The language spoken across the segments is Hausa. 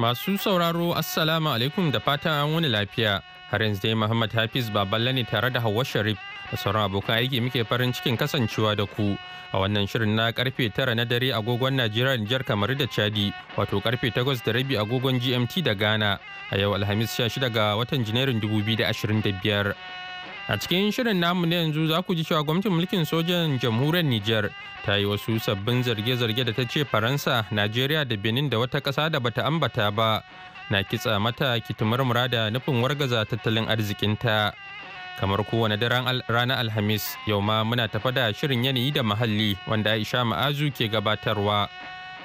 Masu sauraro Assalamu alaikum da fatan an wani lafiya. Har yanzu dai Muhammad Hafiz Baballe ne tare da Hauwa Sharif da sauran abokan aiki muke farin cikin kasancewa da ku. A wannan shirin na karfe tara na dare agogon Najeriya Nijar kamar da Chadi wato karfe takwas da rabi agogon GMT da Ghana a yau Alhamis 16 ga watan Janairun 2025. A cikin shirin namu na yanzu za ku ji cewa gwamnatin mulkin sojan jamhuriyar Nijar ta yi wasu sabbin zarge-zarge da ta ce Faransa, Najeriya da Benin da wata ƙasa da bata ambata ba na kitsa mata kitimar murada nufin wargaza tattalin arzikinta. Kamar kowane daren ranar Alhamis, yau ma muna tafa da shirin yanayi da muhalli wanda Aisha Ma'azu ke gabatarwa.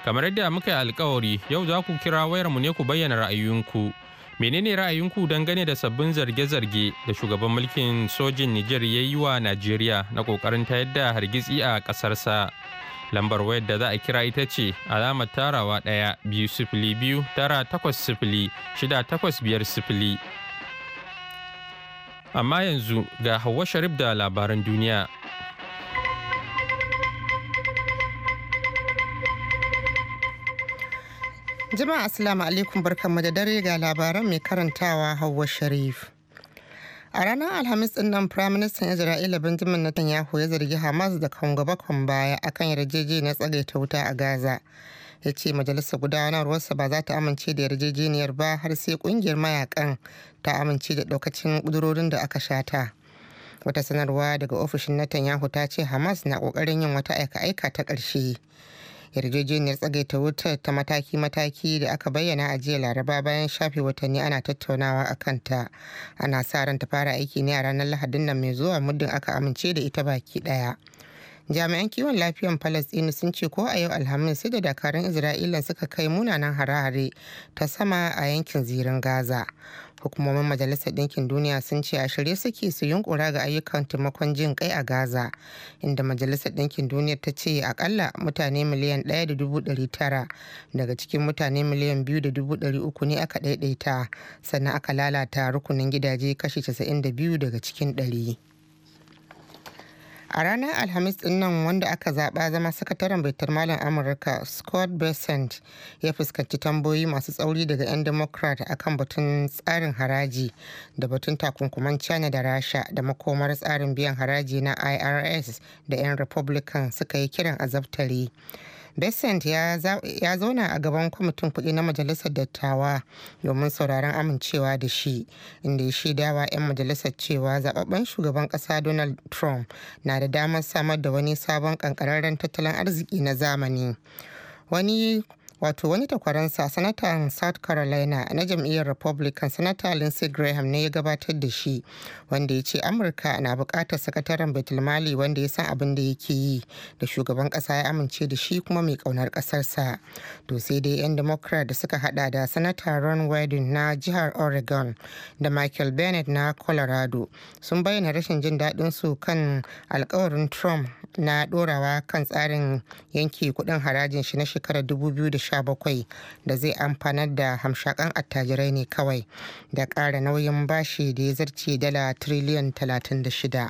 Kamar yadda muka yi alkawari, yau za ku kira wayarmu ne ku bayyana ra'ayoyinku. menene ra'ayinku dangane da sabbin zarge-zarge da shugaban mulkin sojin nijar ya yi wa najeriya na kokarin ta yadda hargitsi a ƙasarsa lambar wayar da za a kira ita ce alamar tarawa ɗaya biyu sifili biyu tara takwas sifili shida takwas biyar sifili amma yanzu ga hauwa sharif da labaran duniya Jama'a Assalamu alaikum barkanmu da dare ga labaran mai karantawa Hauwa Sharif. A ranar Alhamis din nan Firaministan Isra'ila Benjamin Netanyahu ya zargi Hamas da kan baya akan yarjejeniyar tsagaita wuta a Gaza. ya ce majalisar gudanarwarsa ba za ta amince da yarjejeniyar ba har sai kungiyar mayakan ta amince da ɗaukacin ƙudurorin da aka shata. Wata sanarwa daga ofishin Netanyahu ta ce Hamas na ƙoƙarin yin wata aika-aika ta ƙarshe. yarjejeniyar tsagaita wutar ta mataki-mataki da aka bayyana a jiya laraba bayan shafe watanni ana tattaunawa a kanta ana sa ran ta fara aiki ne a ranar lahadin nan mai zuwa muddin aka amince da ita baki daya jami'an kiwon lafiyan palestine sun ce ko a yau alhamis sai da dakarun isra'ila suka kai munanan hare-hare ta sama a yankin zirin gaza hukumomin majalisar ɗinkin duniya sun ce a shirye suke su yunkura ga ayyukan taimakon jin kai a gaza inda majalisar ɗinkin duniya ta ce akalla mutane miliyan ɗaya daga cikin mutane miliyan 2.3 ne aka ɗaiɗaita sannan aka lalata rukunin gidaje kashi 92 daga cikin ɗari. a ranar alhamis din wanda aka zaba zama sakataren baitar malam amurka scott besant ya fuskanci tambayoyi masu tsauri daga 'yan democrat akan batun tsarin haraji da batun takunkuman china da rasha da makomar tsarin biyan haraji na irs da 'yan republican suka yi kiran azabtare. Besant ya zauna a gaban kwamitin kuɗi na majalisar dattawa domin sauraron amincewa da shi inda ya shaidawa 'yan majalisar cewa zababben shugaban ƙasa Donald Trump na da damar samar da wani sabon ƙanƙararren tattalin arziki na zamani. Wani wato wani takwaransa sanatan south carolina na jam'iyyar republican sanata lindsey graham ne ya gabatar da shi wanda ya ce amurka na bukatar sakataren betulmali wanda ya san abin da yake yi da shugaban kasa ya amince da shi kuma mai kaunar kasarsa to sai dai 'yan democrat da suka hada da sanata ron wyden na jihar oregon da michael bennett na colorado sun bayyana rashin jin daɗin su kan alkawarin trump na dorawa kan tsarin yanke kuɗin harajin shi na shekarar 2019 bakwai da zai amfanar da hamshakan attajirai ne kawai da ƙara nauyin bashi da ya zarce dala triliyan 36.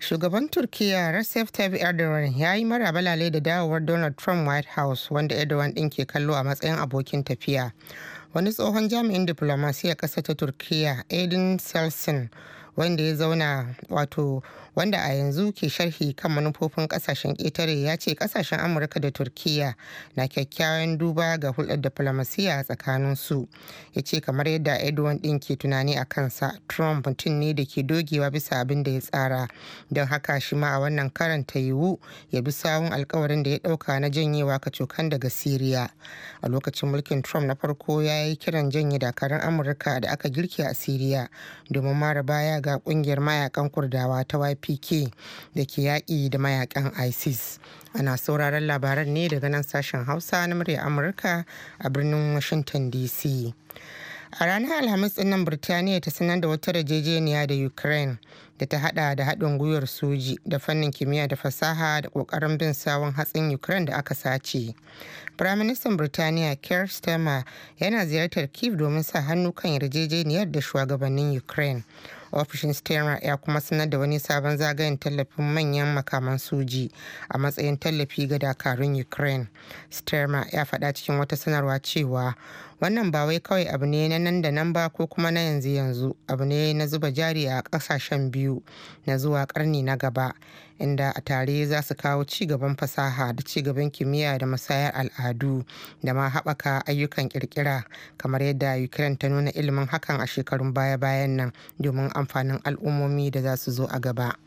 shugaban turkiya recep tayyip erdogan ya yi mara marabalale da dawowar donald trump white house wanda erdogan din ke kallo a matsayin abokin tafiya wani tsohon jami'in diplomasiyyar ƙasa ta turkiya edin selsin wanda ya zauna wato wanda a yanzu ke sharhi kan manufofin kasashen ƙetare ya ce kasashen amurka da turkiya na kyakkyawan duba ga hulɗar diflomasiyya tsakanin su ya ce kamar yadda edwin din ke tunani a kansa trump mutum ne da ke dogewa bisa abin da ya tsara don haka shi ma a wannan karanta yiwu ya bi sawun alkawarin da ya ɗauka na janyewa ka cokan daga siriya a lokacin mulkin trump na farko ya yi kiran janye dakarun amurka da aka girke a siriya domin mara baya ga kungiyar mayakan kurdawa ta yp pk da ke yaƙi da mayakan isis ana sauraron labaran ne daga nan sashen hausa na murya amurka a birnin washington dc a ranar alhamis din nan birtaniya ta sanar da wata rajejeniya da ukraine da ta hada da haɗin gwiwar soji da fannin kimiyya da fasaha da ƙoƙarin bin sawun hatsin ukraine da aka sace firaministan birtaniya keir starmer yana ziyartar kiev domin sa hannu kan yarjejeniyar da shugabannin ukraine ofishin stera ya kuma sanar da wani sabon zagayen tallafin manyan makaman soji a matsayin tallafi ga dakarun ukraine stera ya faɗa cikin wata sanarwa cewa wannan ba wai kawai abu ne na nan da nan ba ko kuma na yanzu yanzu abu ne na zuba jari a kasashen biyu na zuwa karni na gaba inda a tare za su kawo ci gaban fasaha da ci gaban kimiyya da musayar al'adu da ma haɓaka ayyukan kirkira kamar yadda ukraine ta nuna ilimin hakan a shekarun baya-bayan nan domin amfanin al'ummomi da za su zo a gaba.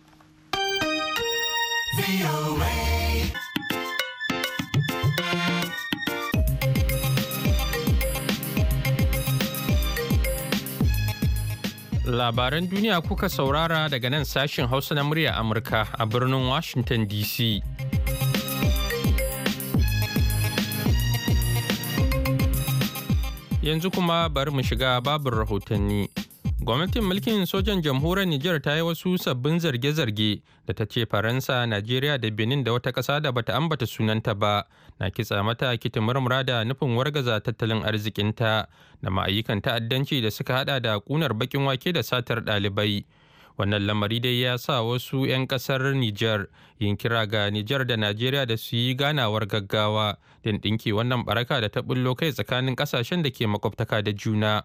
Labaran duniya kuka saurara daga nan sashin Hausa na murya Amurka a birnin Washington DC. Yanzu kuma bari mu shiga babin rahotanni. gwamnatin mulkin sojan jamhuriyar nijar ta yi wasu sabbin zarge-zarge da ta ce faransa najeriya da benin da wata ƙasa da bata ambata sunanta ba na kitsa mata kitin murmura da nufin wargaza tattalin arzikinta da ma'ayyukan ta'addanci da suka hada da kunar bakin wake da satar ɗalibai wannan lamari dai ya sa wasu 'yan kasar Nijar yin kira ga Nijar da Najeriya da su yi ganawar gaggawa don ɗinke wannan baraka da ta bullo kai tsakanin ƙasashen da ke makwabtaka da juna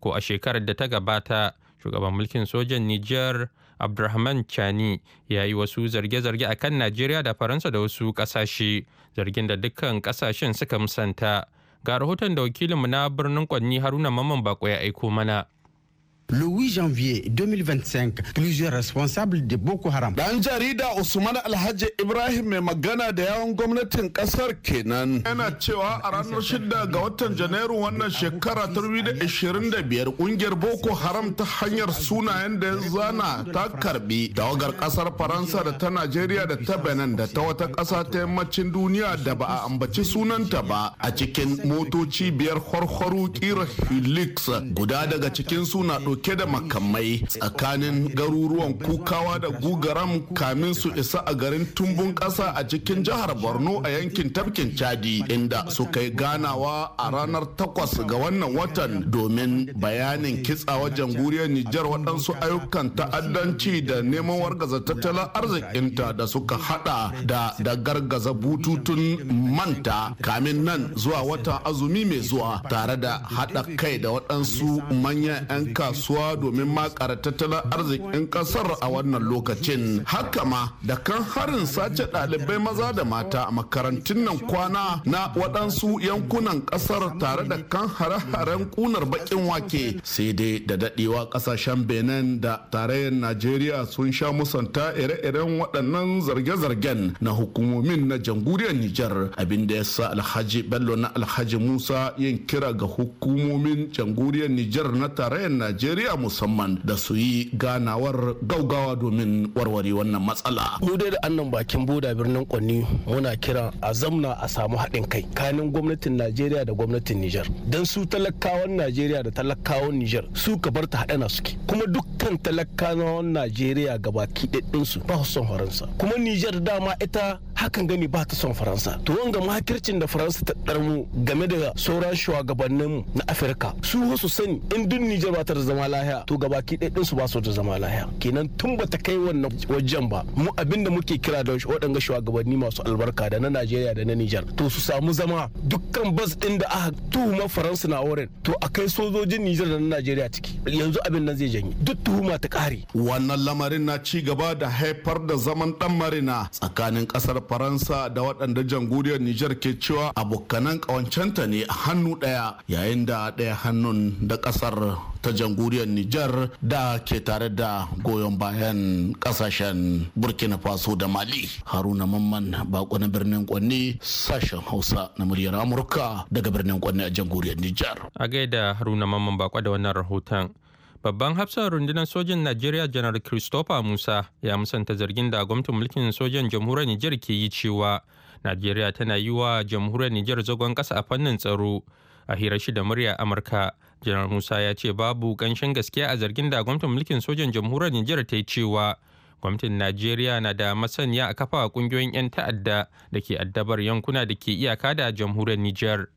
ko a shekarar da ta gabata shugaban mulkin sojan nijar abdulrahman chani ya yi wasu zarge-zarge a kan najeriya da faransa da wasu kasashe zargin da dukkan kasashen suka musanta ga rahoton da wakilinmu na birnin kwanni haruna maman bako ya aiko mana Le 8 janvier 2025, plusieurs responsables de Boko Haram. Dan jarida Usman Alhaji Ibrahim mai magana da yawan gwamnatin kasar kenan. Yana cewa a ranar 6 ga watan Janairu wannan shekara ta 2025 kungiyar Boko Haram ta hanyar sunayen da ya zana ta karbi dawagar kasar Faransa da ta Najeriya da ta Benin da ta wata kasa ta yammacin duniya da ba a ambaci sunanta ba a cikin motoci biyar kwarkwaro kira Helix guda daga cikin suna dauke da makamai tsakanin garuruwan kukawa da gugaram kamin su isa a garin tumbun kasa a cikin jihar borno a yankin tafkin chadi inda suka yi ganawa a ranar takwas ga wannan watan domin bayanin kitsa wajen guriyar nijar waɗansu ayyukan ta'addanci da neman wargaza tattalin arzikinta da suka hada da da gargaza bututun manta kamin nan zuwa wata azumi mai zuwa tare da haɗa kai da waɗansu manyan 'yan kasu kasuwa domin makara tattalin arzikin kasar a wannan lokacin haka ma da kan harin sace ɗalibai maza da mata a makarantun nan kwana na waɗansu yankunan kasar tare da kan hare-haren kunar bakin wake sai dai da daɗewa ƙasashen benin da tarayyar najeriya sun sha musanta ire-iren waɗannan zarge-zargen na hukumomin na jamhuriyar nijar abinda ya sa alhaji bello na alhaji musa yin kira ga hukumomin jamhuriyar nijar na tarayyar najeriya najeriya musamman da su yi ganawar gaugawa domin warware wannan matsala mu dai da annan bakin boda birnin kwanni muna kira a zamna a samu haɗin kai kanin gwamnatin najeriya da gwamnatin nijar don su talakawan najeriya da talakawan nijar su ka bar ta haɗana suke kuma dukkan talakawan najeriya gabaki ɗinsu ba su son faransa kuma nijar dama ita hakan gani ba ta son faransa to wanga makircin da faransa ta ɗarmu game da sauran shugabanninmu na afirka su wasu sani in duk nijar ba ta zama zama lahiya to gabaki ɗaya ɗinsu ba su da zama lahiya kenan tun ba ta kai wannan wajen ba mu abinda da muke kira da waɗanga shugabanni masu albarka da na Najeriya da na Nijar to su samu zama dukkan bas ɗin da aka tuhuma Faransa na wurin to a kai sojojin Nijar da na Najeriya ciki yanzu abin nan zai janye duk tuhuma ta ƙare wannan lamarin na ci gaba da haifar da zaman ɗan marina tsakanin ƙasar Faransa da waɗanda jamhuriyar Nijar ke cewa abokanan ƙawancenta ne a hannu ɗaya yayin da ɗaya hannun da ƙasar ta jamhuriyar jamhuriyar Nijar da ke tare da goyon bayan kasashen Burkina Faso da Mali. Haruna Mamman bako na birnin Kwanne sashen Hausa na muryar Amurka daga birnin Kwanne a jamhuriyar Nijar. A gaida Haruna Mamman bako da wannan rahoton. Babban hafsan rundunar sojin Najeriya Janar Christopher Musa ya musanta zargin da gwamnatin mulkin sojan jamhuriyar Nijar ke yi cewa Najeriya tana yi wa jamhuriyar Nijar zagon ƙasa a fannin tsaro. a hirar shi da murya amurka janar musa ya ce babu ƙanshin gaskiya a zargin da gwamnatin mulkin sojan jamhuriyar nijar ta yi cewa gwamnatin najeriya na da masaniya a kafa kungiyoyin 'yan ta'adda da ke addabar yankuna da ke iyaka da jamhuriyar nijar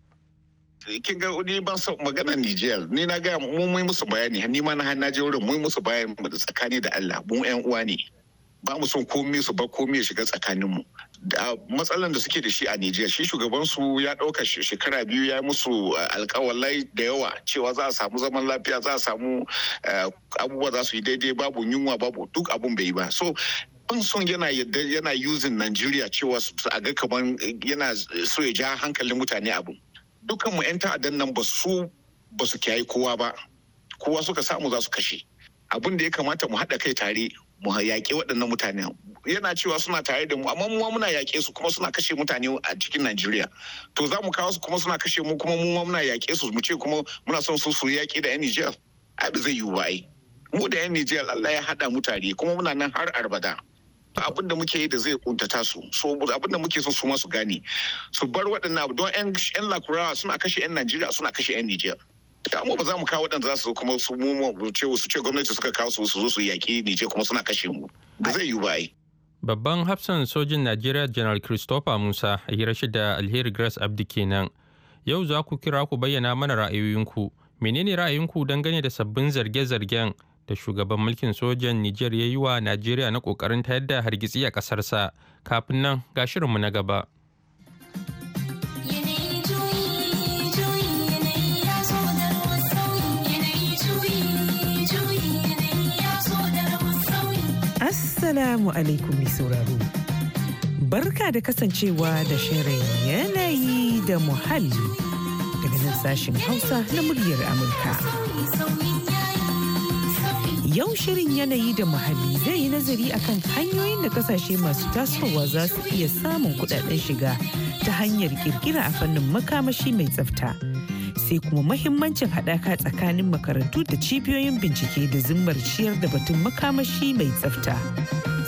kin ga ni ba su magana Nijar ni na ga mu musu bayani ni ma na je wurin mu musu bayani tsakani da Allah mu yan uwa ne ba mu son komai su ba komai shiga tsakanin mu da matsalan da suke da shi a Nijiya shi shugaban su ya dauka shekara biyu ya musu eh, alkawalai da yawa cewa za a samu zaman lafiya za a samu eh, abubuwa za su yi daidai babu yunwa babu duk abun bai yi ba so ban son yana yadda yana using Najeriya cewa su a ga kaman eh, yana so ya ja hankalin mutane abu dukan mu yan ta'addan nan ba su ba su kiyaye kowa ba kowa suka samu za su kashe abin da ya kamata mu haɗa kai tare mu yaƙi waɗannan mutane yana cewa suna tare da mu amma mu muna yaƙe su kuma suna kashe mutane a cikin Najeriya to za mu kawo su kuma suna kashe mu kuma mu muna yaƙe su mu ce kuma muna son su su yaƙi da 'yan Nijar abu zai yiwu ba ai mu da 'yan Nijar Allah ya haɗa mu tare kuma muna nan har arbada abin da muke yi da zai kuntata su so abin da muke son su ma su gane su bar waɗannan don 'yan lakurawa suna kashe 'yan Najeriya suna kashe 'yan Nijar ta mu ba za mu kawo waɗanda za su kuma su mu ce su ce gwamnati suka kawo su su zo su yaƙi ce kuma suna kashe mu ba zai yiwu ba ai babban hafsan sojin Najeriya General Christopher Musa a hira da Alheri Grace Abdi kenan yau za ku kira ku bayyana mana ra'ayoyinku menene ra'ayinku dangane da sabbin zarge-zargen da shugaban mulkin sojan Nijar ya yi wa Najeriya na kokarin tayar da hargitsi a ƙasarsa kafin nan ga shirinmu na gaba. Assalamu alaikum mai sauraro. Barka da kasancewa da shirin yanayi da muhalli daga nan sashen Hausa na muryar Amurka. Yau shirin yanayi da muhalli zai yi nazari akan hanyoyin da kasashe masu tasowa za su iya samun kudaden shiga ta hanyar kirkira a fannin makamashi mai tsafta. sai kuma mahimmancin haɗaka tsakanin makarantu da cibiyoyin bincike da zimmar ciyar da batun makamashi mai tsafta.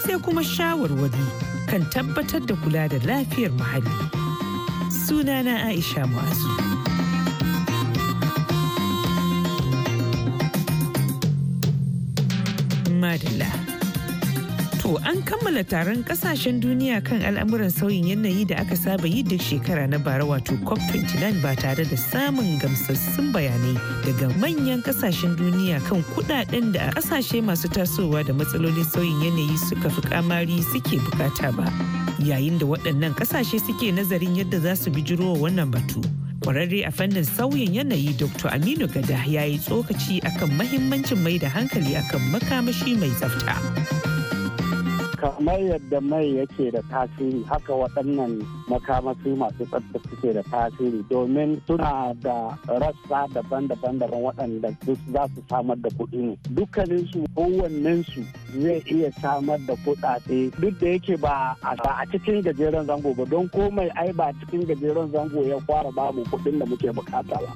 sai kuma shawarwari kan tabbatar da kula da lafiyar muhalli. Sunana Aisha Mu'azu. madalla. To an kammala taron kasashen duniya kan al'amuran sauyin yanayi da aka saba yi duk shekara na bara wato COP29 ba tare da samun gamsassun bayanai daga manyan kasashen duniya kan kudaden da a kasashe masu tasowa da matsalolin sauyin yanayi suka fi kamari suke bukata ba. Yayin da waɗannan kasashe suke nazarin yadda za su bi wa wannan batu. kwararre a fannin sauyin yanayi dr aminu gada ya yi tsokaci akan mahimmancin mai da hankali akan makamashi mai tsafta kamar yadda mai yake da tasiri haka waɗannan makamashi masu tsafta suke da tasiri domin suna da rassa daban-daban daban waɗanda duk za su samar da kuɗi ne dukkaninsu kowannensu zai iya samar da kuɗaɗe duk da yake ba a cikin gajeren zango ba don komai ai ba cikin gajeren zango ya fara babu kuɗin da muke bukata ba.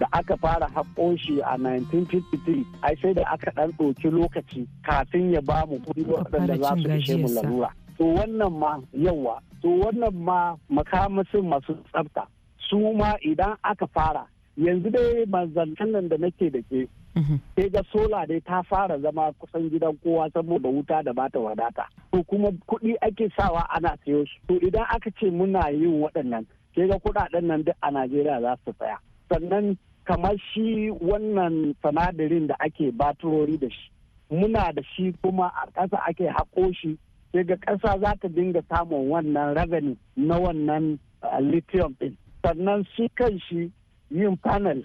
Da aka fara haƙo shi a 1953 ai sai da aka ɗan ɗauki lokaci kafin ya bamu kuɗi waɗanda za su ishe mu larura. To wannan ma yawa, to wannan ma makamasin masu tsafta. Su ma idan aka fara yanzu dai manzantan nan da nake da ke Mhm. sai ga sola dai ta fara zama kusan gidan kowa saboda wuta da bata wadata to kuma kuɗi ake sawa ana sayo shi to idan aka ce muna yin waɗannan sai ga kuɗaɗen nan duk a najeriya za su tsaya sannan kamar shi wannan sanadarin da ake baturori da shi muna da shi kuma a ƙasa ake haƙo shi sai ga ƙasa za ta dinga samun wannan revenue na wannan uh, lithium ɗin sannan su kan shi yin panel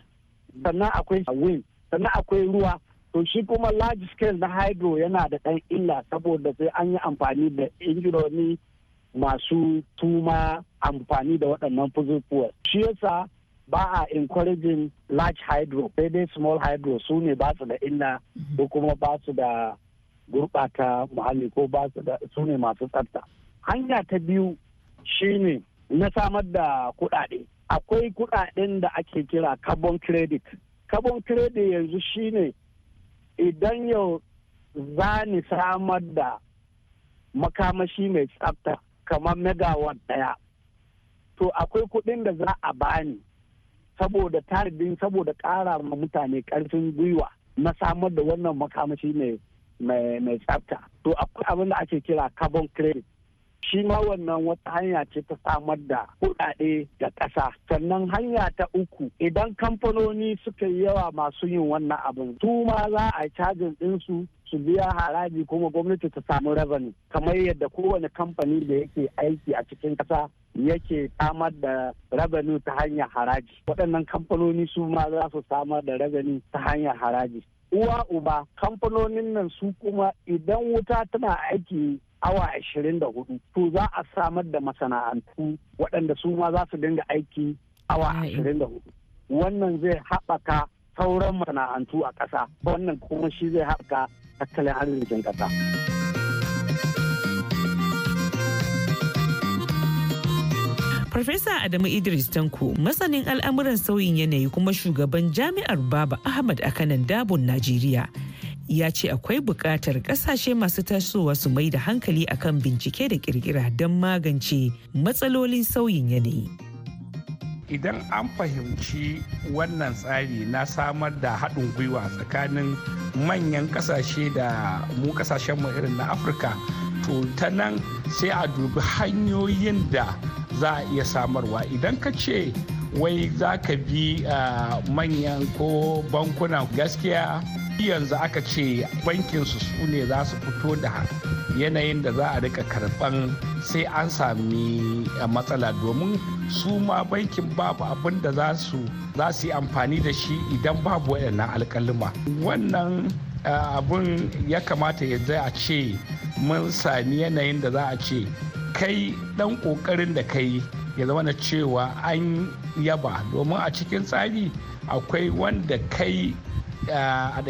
sannan akwai wind sannan akwai ruwa to shi kuma large scale na hydro yana da ɗan illa saboda sai an yi amfani da injinoni masu tuma amfani da waɗannan fuzil shi yasa ba a encouraging large hydro sai dai small hydro su ne ba su da illa ko kuma ba su da gurɓata muhalli ko ba su da su ne masu tsafta hanya ta biyu shine na samar da kuɗaɗe akwai kuɗaɗen da ake kira carbon credit kabon kredi yanzu shine idan yau za ni samar da makamashi mai tsafta kamar megawatt daya to akwai kuɗin da za a bani saboda tanadin saboda ƙara ma mutane ƙarfin gwiwa na samar da wannan makamashi mai tsafta to akwai abin da ake kira carbon credit shi ma wannan wata hanya ce ta samar da kuɗaɗe ga ƙasa sannan hanya ta uku idan kamfanoni suka yi yawa masu yin wannan abin su ma za a cajin ɗinsu su biya haraji kuma gwamnati ta samu rabani kamar yadda kowane kamfani da yake aiki a cikin ƙasa yake samar da rabani ta hanyar haraji waɗannan kamfanoni su ma za su samar da rabani ta hanyar haraji uwa uba kamfanonin nan su kuma idan wuta tana aiki awa ashirin da hudu to za a samar da masana'antu waɗanda su ma za su dinga aiki awa ashirin da hudu wannan zai haɓaka sauran masana'antu a ƙasa wannan kuma shi zai haɓaka tattalin arzikin ƙasa. Farfesa Adamu Idris Tanko masanin al'amuran sauyin yanayi kuma shugaban jami'ar Baba Ahmad a kanan Dabon Najeriya ya ce akwai buƙatar ƙasashe masu tasowa su mai da hankali akan bincike da ƙirƙira don magance matsalolin sauyin yanayi. Idan an fahimci wannan tsari na samar da haɗin gwiwa tsakanin manyan ƙasashe da mu ƙasashenmu irin na Afirka, to ta nan sai a dubi hanyoyin da za a iya samarwa. Idan ka ce wai za ka bi ah, manyan ko bankuna gaskiya yanzu aka ce bankin su ne za su fito da yanayin da za a rika karban sai an sami eh, matsala domin su ma bankin babu abin da za su yi amfani da shi idan babu waɗannan alƙaluma wannan eh, abun ya kamata ya a ce mun sami yanayin da za a ce kai ɗan ƙoƙarin da kai ya zama na cewa an yaba domin a cikin tsari akwai wanda kai a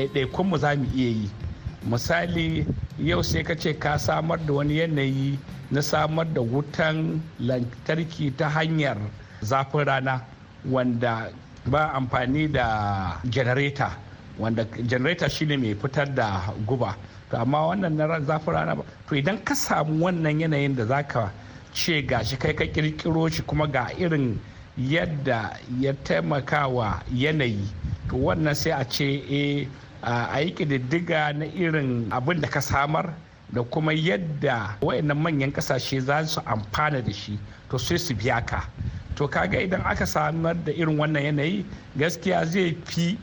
mu za mu iya yi misali yau sai ka ce ka samar da wani yanayi na samar da wutan lantarki ta hanyar zafin rana wanda ba amfani da janareta wanda janareta shine mai fitar da guba to amma wannan na zafin rana ba to idan ka samu wannan yanayin da zaka ce ga shi kai ka kirkiro shi kuma ga irin yadda ya taimaka wa yanayi wannan sai a ce eh, a yi ƙididdiga na irin abin da ka samar da kuma yadda wayannan manyan kasashe za su amfana da shi to sai su biya ka to kaga idan aka samar da irin wannan yanayi gaskiya zai fi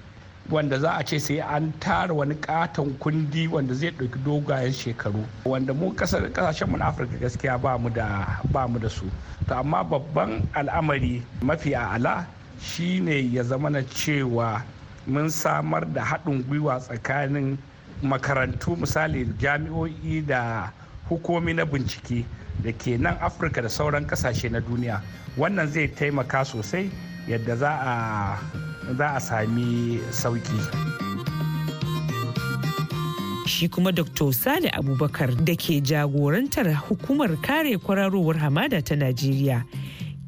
wanda za a ce sai an tara wani katon kundi wanda zai ɗauki dogayen shekaru wanda mu kasashen mu na afirka gaskiya ba mu da su to amma babban al'amari mafi a'ala shine ya zama na cewa mun samar da haɗin gwiwa tsakanin makarantu misali jami'o'i da hukumi na bincike da ke nan afirka da sauran ƙasashe na duniya wannan zai taimaka sosai yadda za a sami sauki shi kuma dr sale abubakar da ke jagorantar hukumar kare kwararowar hamada ta najeriya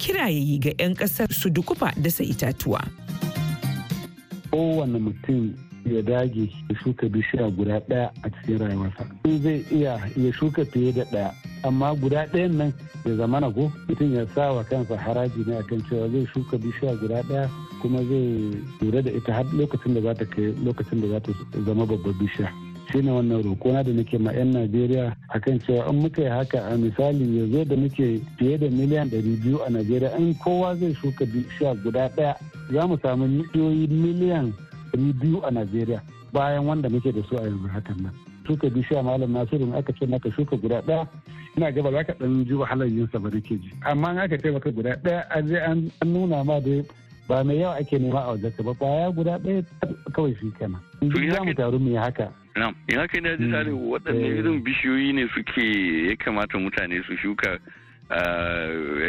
kirayayi ga 'yan kasar su dukufa dasa itatuwa. Kowane mutum ya dage ya shuka bishiya guda ɗaya a cikin rayuwarsa. In zai iya ya shuka fiye da ɗaya, amma guda ɗayan nan ya zama na ko mutum ya sa wa kansa haraji ne akan cewa zai shuka bishiya guda ɗaya kuma zai lura da ita har lokacin da za ta kai lokacin da za ta zama babbar bishiya. shine wannan rokona da nake ma 'yan najeriya akan cewa in muka yi haka a misali ya zo da muke fiye da miliyan 200 a najeriya in kowa zai shuka bishiya guda daya za mu samu miliyoyi miliyan 200 a najeriya bayan wanda muke da su a yanzu hakan nan shuka bishiya malam nasiru aka ce maka shuka guda daya ina gaba za ka dan ji wahalar yin sa ba nake ji amma in aka ce maka guda daya an je an nuna ma da ba mai yawa ake nema a wajen ka ba kwaya guda daya kawai shi kenan. Za mu taru mu yi haka in ina kai na ji tare waɗanne eh. irin bishiyoyi ne suke ya kamata mutane su shuka a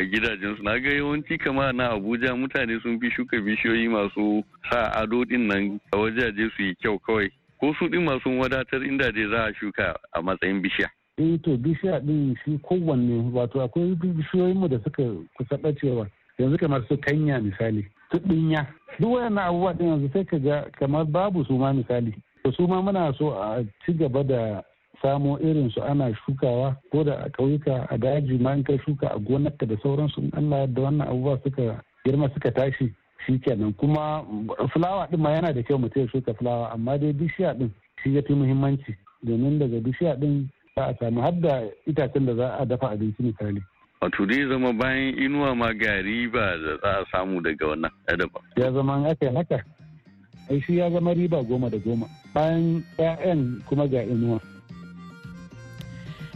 gidajensu na ga yawanci kama na abuja mutane sun fi shuka bishiyoyi masu sa ado din nan a wajaje su yi kyau kawai ko su din masu wadatar inda dai za a shuka a matsayin bishiya eh to bishiya din shi kowanne wato akwai bishiyoyin mu da suka kusa bacewa yanzu kamar su kanya misali su dinya duk wayannan abubuwa din yanzu sai ka ga kamar babu su ma misali to su ma muna so a ci gaba da samo irin su ana shukawa ko da a ƙauyuka a daji ma in kai shuka a gonarka da sauransu in Allah da wannan abubuwa suka girma suka tashi shi shikenan kuma fulawa din ma yana da kyau mutum ya shuka fulawa amma dai bishiya din shi ya fi muhimmanci domin daga bishiya din za a samu har da itacen da za a dafa abinci misali. wato dai zama bayan inuwa ma gari ba za a samu daga wannan adaba. ya zama aka haka ai shi ya zama riba goma da goma bayan 'ya'yan kuma ga inuwa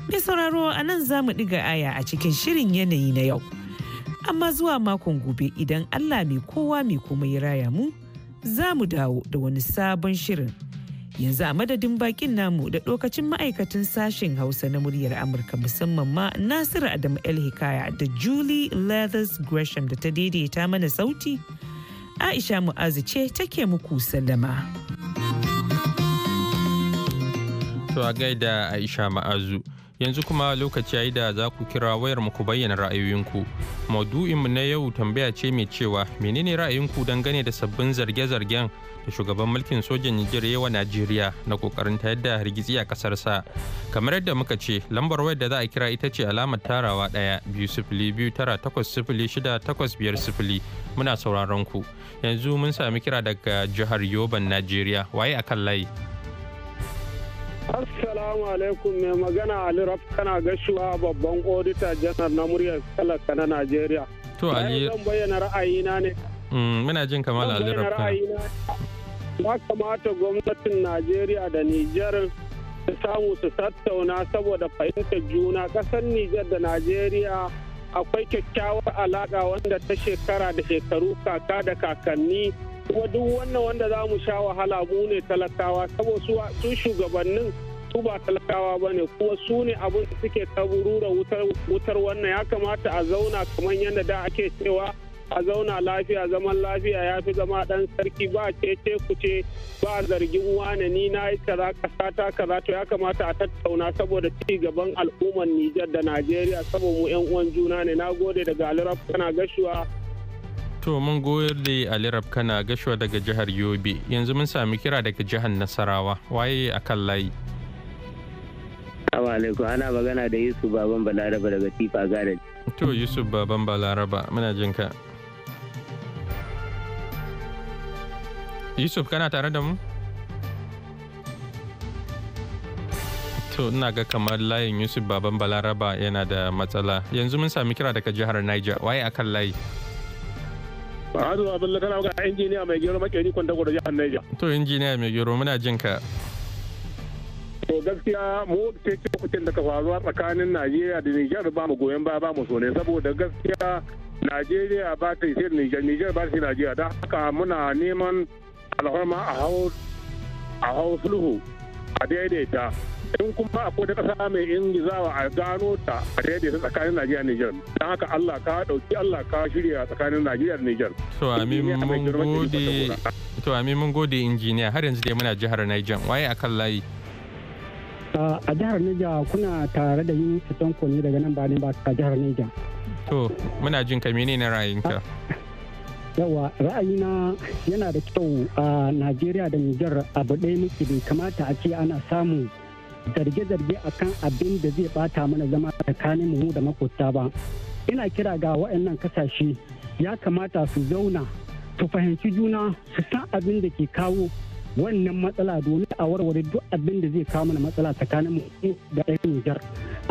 mai sauraro a nan za mu ɗiga aya a cikin shirin yanayi na yau amma zuwa makon gobe idan allah mai kowa mai kuma ya raya mu za mu dawo da wani sabon shirin yanzu a madadin bakin namu da lokacin ma'aikatan sashen hausa na muryar amurka musamman ma nasiru adamu el hikaya da julie leathers gresham da ta daidaita mana sauti Aisha Mu'azu ce take muku sallama. To a gaida Aisha muazu Yanzu kuma lokaci yayi da za ku kira wayar mu ku bayyana ra'ayoyinku. Maudu'inmu na yau tambaya ce mai cewa menene ra'ayinku dangane da sabbin zarge-zargen da shugaban mulkin sojan Nijar yawa Najeriya na kokarin ta yadda hargitsi a kasarsa. Kamar yadda muka ce, lambar wayar da za a kira ita ce alamar tarawa ɗaya biyu sifili biyu tara takwas sifili shida takwas biyar sifili muna sauraron ku. Yanzu mun sami kira daga jihar Yoban Najeriya waye a kan layi. Assalamu alaikum mai magana Ali Raf kana gashuwa babban odita janar na muryar talaka na Najeriya. To Ali. Zan bayyana ra'ayina ne. Mm, muna jin kamar Ali Raf. ya kamata gwamnatin najeriya da nijar su samu su tattauna saboda fahimtar juna ƙasar nijar da najeriya akwai kyakkyawar alaƙa wanda ta shekara da shekaru kaka da kakanni kuma duk wannan wanda za mu sha wahala mu ne talakawa saboda su shugabannin su ba talakawa ba ne kuma su ne abin suke taburura wutar wannan ya kamata a zauna kamar yadda da ake cewa a zauna lafiya zaman lafiya ya fi zama dan sarki ba cece kuce ba zargin wane ni na yi kaza kasa ta kaza to ya kamata a tattauna saboda ci gaban al'ummar Nijar da Najeriya saboda mu yan uwan juna ne na gode daga Alirab kana gashuwa to mun da Alirab kana gashuwa daga jihar Yobe yanzu mun sami kira daga jihar Nasarawa waye akan layi Assalamu alaikum ana magana da Yusuf Baban Balaraba daga Tifa Garden. To Yusuf Baban Balaraba muna jinka. ka. Yusuf kana tare da mu? To ina ga kamar layin Yusuf baban Balaraba yana da matsala. Yanzu mun sami kira daga jihar Niger. Waye akan layi? Ma'azu Abdullahi kana ga injiniya mai gero makeri kwanta gudu jihar Niger. To injiniya mai gero muna jin ka. To gaskiya mu ce kucin da ka faruwa tsakanin Najeriya da Niger ba mu goyon ba ba mu so ne saboda gaskiya Najeriya ba ta yi sai Niger Niger ba ta yi Najeriya don haka muna neman alhama a hau a hau sulhu a daidaita in kuma akwai ta kasa mai ingizawa a gano ta a daidaita tsakanin Najeriya da Niger. don haka Allah ka dauki Allah ka shirya tsakanin Najeriya da Niger. to amin mun gode to amin mun gode injiniya har yanzu dai muna jihar Niger waye akan layi a jihar Niger kuna tare da yin Tanko ne daga nan ba ne ba a jihar Niger to muna jin ka menene ra'ayinka ah, yawa ra'ayina yana da kyau a najeriya da nijar abu ɗaya muke bai kamata a ce ana samu zarge-zarge a kan abin da zai bata mana zama tsakanin mu da makwabta ba ina kira ga waɗannan kasashe ya kamata su zauna su fahimci juna su san abin da ke kawo wannan matsala domin a warware duk abin da zai kawo mana matsala tsakanin mu da ɗan Nijar.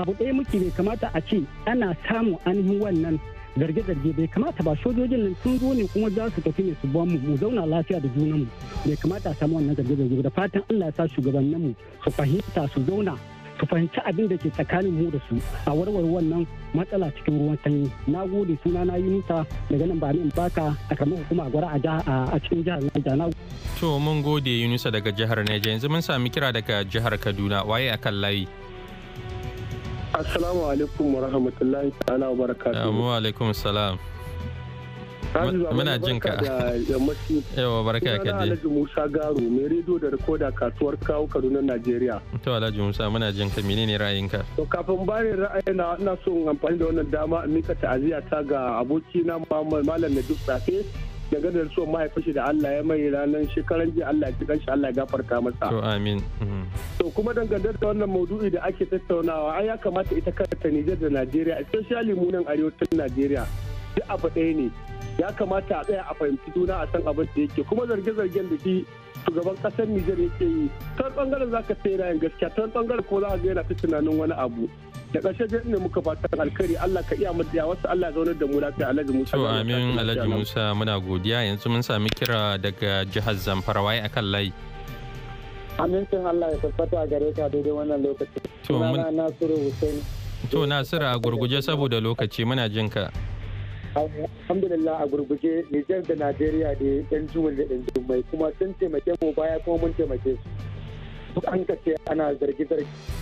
Abu ɗaya muke bai kamata a ce ana samun ainihin wannan zarge-zarge bai kamata ba sojojin nan sun zo ne kuma za su tafi ne su ba mu mu zauna lafiya da junanmu bai kamata a samu wannan zarge-zarge da fatan Allah ya sa shugabanninmu su fahimta su zauna su fahimci abin da ke tsakanin mu da su a warware wannan matsala cikin ruwan sanyi na gode suna na yi nisa daga nan ba min baka a karamar hukuma gwara a cikin jihar Niger na to mun gode Yunusa daga jihar Niger yanzu mun sami kira daga jihar Kaduna waye akan layi Assalamu alaikum wa rahmatullahi ta'ala wa barakatuhu. Wa alaikum salam. Muna jin ka. Yawa baraka ya je. Alhaji Musa Garo mai rediyo da rikoda kasuwar kawo Kaduna Najeriya. To Alhaji Musa muna jin ka menene ra'ayinka? To kafin bani ra'ayina ina so in amfani da wannan dama in mika ta'aziyya ta ga abokina Malam Nadu Safe da da so mahaifin shi da Allah ya mai ranar shekaran ji Allah ya shi Allah ya gafarta masa. To amin. Mhm. To kuma dangane da wannan maudu'i da ake tattaunawa ai ya kamata ita kanta Nijar da Najeriya especially mu nan arewacin Najeriya duk abu ɗaya ne. Ya kamata a tsaya a fahimci juna a san abin da yake kuma zarge-zargen da shi shugaban kasar Nijar yake yi. Ta bangaren za ka sai gaskiya ta bangaren ko za ka ga yana ta tunanin wani abu. da ƙarshe dai ne muka fatan alkhairi Allah ka iya mutiya wasu Allah zaunar da mu lafiya Alhaji Musa to amin Alhaji Musa muna godiya yanzu mun sami kira daga jihar Zamfara wai akan layi amincin Allah ya tabbata gare ka daidai wannan lokaci na Nasiru Hussein to Nasiru a gurguje saboda lokaci muna jin ka alhamdulillah a gurguje Nijar da Najeriya da yan juwal da yan jummai kuma sun taimake mu baya kuma mun taimake su an ka ce ana zargi-zargi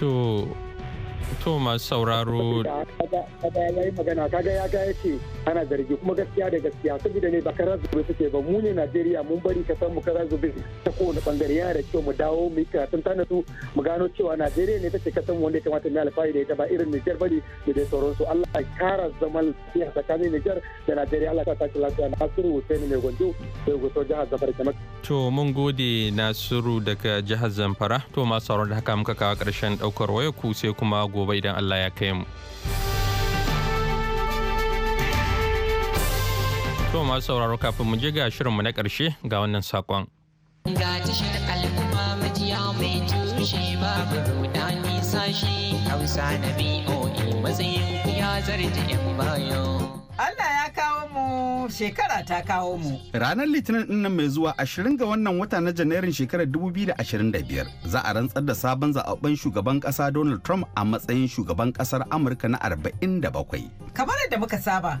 就。to masu sauraro kada ya yi magana kaga ya ga yace ana zargi kuma gaskiya da gaskiya saboda ne ba karar zube suke ba mu ne Najeriya mun bari ka san mu karar zube ta kowane bangare yana da kyau mu dawo mu yi karatun tana su mu gano cewa Najeriya ne take san wanda ya kamata mu alfahari da ita ba irin Niger bari da dai su Allah ya kara zaman lafiya tsakanin Niger da Najeriya Allah ka sa lafiya Nasiru Hussein ne Gondo sai gusau jihar Zamfara kamar to mun gode Nasiru daga jihar Zamfara to masu sauraro da haka muka kawo karshen ɗaukar waya ku sai kuma gobe gobe idan Allah ya kai mu. To masu sauraro kafin mu je ga shirinmu na ƙarshe ga wannan saƙon. Ga tashar al'umma majiya mai tushe babu rudani sashi Hausa na BOA matsayin ya zarje 'yan bayo. Allah mu shekara ta kawo mu. Ranar Litinin ɗin nan mai zuwa 20 ga wannan wata na Janairun shekarar 2025 za a rantsar da sabon zaɓen shugaban ƙasa Donald Trump a matsayin shugaban ƙasar Amurka na 47. Kamar da muka saba,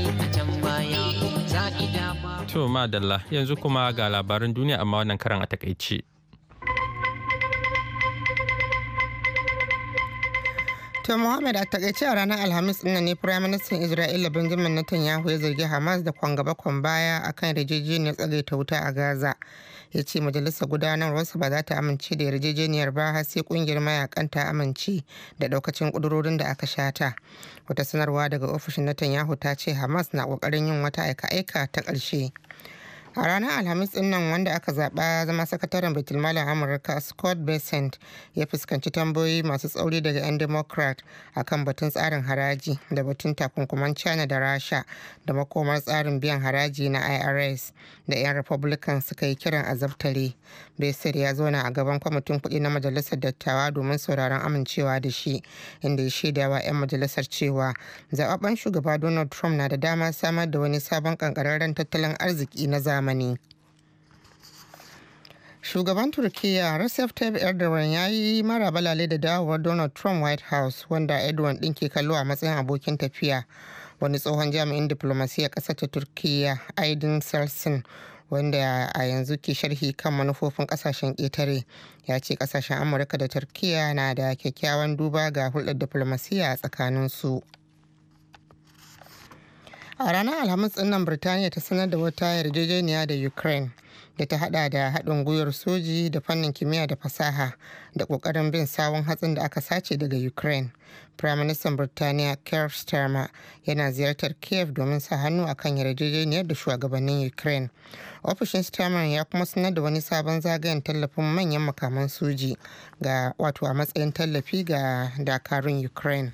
To madalla yanzu kuma ga labaran duniya amma wannan karan a takaice. To Muhammad a takaice a ranar Alhamis ɗin ne Firaministan Isra'ila Benjamin Netanyahu ya zargi Hamas da kwangaba kwan baya akan yarjejeniyar tsagaita wuta a Gaza. ya ce majalisar gudanarwarsa ba za ta amince da yarjejeniyar ba har sai kungiyar mayakan ta amince da daukacin kudurorin da aka shata wata sanarwa daga ofishin netanyahu ta ce hamas na kokarin yin wata aika-aika ta ƙarshe a ranar alhamis ɗinnan, wanda aka zaba zama sakataren baitulmalin amurka scott besant ya fuskanci tambayoyi masu tsauri daga 'yan democrat akan batun tsarin haraji da batun takunkuman china da rasha da makomar tsarin biyan haraji na irs da 'yan republican suka yi kiran azabtare besant ya zauna a gaban kwamitin kuɗi na majalisar dattawa domin sauraron amincewa da shi inda ya shaidawa 'yan majalisar cewa zababben shugaba donald trump na da dama samar da wani sabon kankararren tattalin arziki na zamani zamani Shugaban Turkiyya Recep Tayyip Erdogan ya yi mara balale da dawowar Donald Trump White House wanda Erdogan ɗin ke kallo a matsayin abokin tafiya wani tsohon jami'in diplomasiya ƙasar ta Turkiyya Aydin Selsin wanda a yanzu ke sharhi kan manufofin ƙasashen ƙetare ya ce ƙasashen amurka da turkiya na da kyakkyawan duba ga hulɗar diplomasiya a tsakaninsu. su a ranar alhamis nan birtaniya ta sanar da wata yarjejeniya da ukraine da ta hada da haɗin gwiwar soji da fannin kimiyya da fasaha da ƙoƙarin bin sawun hatsin da aka sace daga ukraine firaministan birtaniya keir starmer yana ziyartar kiev domin sa hannu akan yarjejeniyar da shugabannin ukraine ofishin starmer ya kuma sanar da wani sabon zagayen tallafin manyan makaman soji ga wato a matsayin tallafi ga dakarun ukraine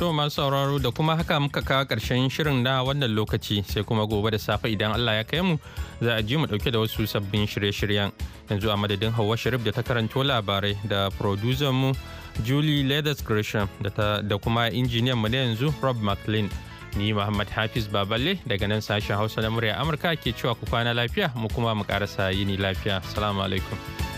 To masu sauraro da kuma haka muka kawo karshen shirin na wannan lokaci sai kuma gobe da safe idan Allah ya kai mu za a ji mu ɗauke da wasu sabbin shirye-shiryen. Yanzu a madadin Hauwa Sharif da ta karanto labarai da producer mu Julie Leathers Gresham da kuma injiniyan mu na yanzu Rob McLean. Ni Muhammad Hafiz Baballe daga nan sashen Hausa na murya Amurka ke cewa ku kwana lafiya mu kuma mu karasa yini lafiya. assalamu alaikum.